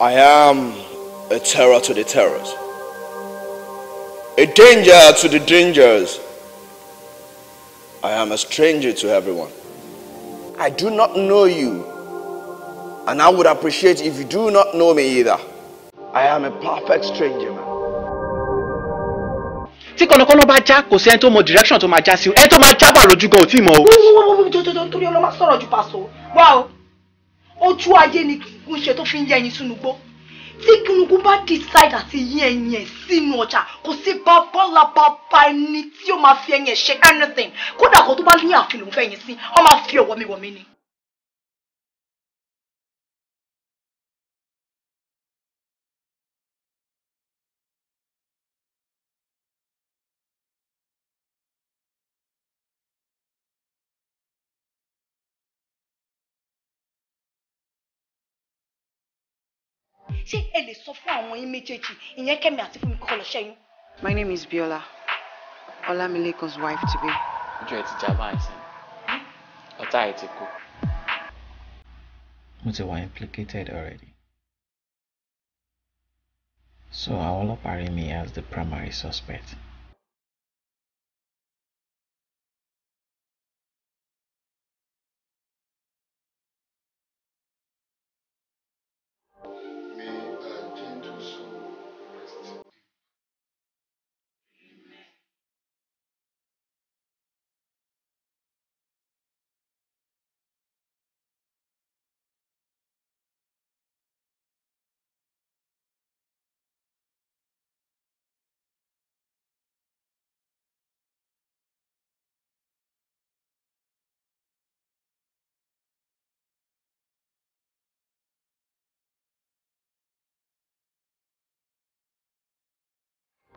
I am a terror to the terrors, a danger to the dangers. I am a stranger to everyone. I do not know you, and I would appreciate if you do not know me either. I am a perfect stranger, man. tí kọ̀nàkọ́nà bá já kò sí ẹni tó mọ direction tó máa já sí ẹni tó máa jábà lójú gan wo. tí ì mọ o. wọ́n wọ́n wọ́n torí ọlọ́mọ sọ̀rọ̀ ju pàṣọ wá o ojú ayé ni kìkún ṣe tó fi ń yẹ ẹyin sínú gbó tí kìnnìkún bá decide àti yí ẹyin ẹ sínú ọjà kò sí babalá bàbá ẹni tí ó máa fi ẹyin ẹ ṣe anything kódà kó tó bá ní àfihàn òun fẹ́ yín sí ọ máa fi ọ̀wọ́míwọ̀mí ni. ṣé ẹ lè sọ fún àwọn yín méjèèjì ìyẹn Kẹ́mi àti Fúnmi kọ́kọ́ lọ ṣẹ́yún. my name is Biola Olamilekan's wife to be. ojú ẹ ti já báyìí sí ọ̀tá ẹ ti kú. mo ti wà implicated already. so àwọn ọlọ́pàá rí mi as the primary suspect.